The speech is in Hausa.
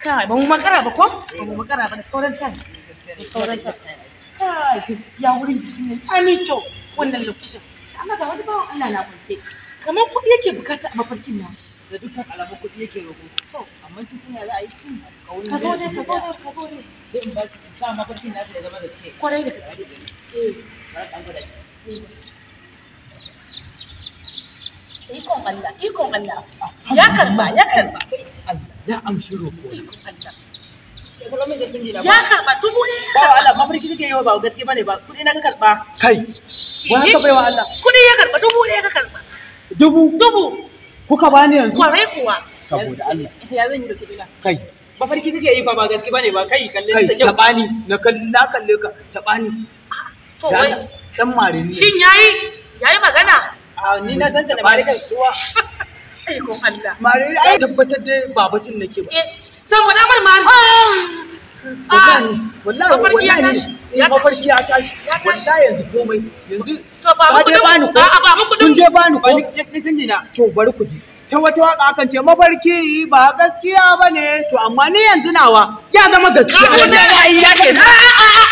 kai ba mu makara ba ko ba mu makara ba da sauran can da sauran can kai wannan location amma ga wani bawan Allah na kwance kamar kuɗi yake bukata a mafarkin nashi da dukkan kuɗi yake to amma kin za a yi kin ka ka zo ne ka zo ne ka zo ne in ba ki sa mafarkin nashi da zama gaske kwarai da gaske eh ba gwada ki eh. ikon Allah ikon Allah ya karba ya karba ya amshi roƙo ya karɓa dubu ne ba Allah mafarki kake yi ba gaske bane ba kuɗi na ka karɓa kai wani ka baiwa Allah kuɗi ya karɓa dubu ne ka karɓa dubu dubu kuka bani yanzu kwarai kuwa saboda Allah ya zan yi da kuɗi na kai mafarki kake yi ba ba gaske bane ba kai kalle ta kyau tabani na kalle na kalle ka tabani ah, to wai dan mare ne shin yayi yayi magana a ah, ni na san ka da mare kai kuwa ikon Allah. ai tabbatar dai ba batun nake ba. Eh, San faɗa mar mare. Ah! Ah! Wallahi wallahi eh, ya tashi. Ya Ya tashi. Wallahi yanzu komai yanzu. To ba mu ko. ba mu Kun dai bani ko. Ni To bari ku ji. Ta wata waka akan ce mafarki ba gaskiya ba ne to amma ni yanzu nawa ya zama gaskiya. A'a ya ke. A'a ah, a'a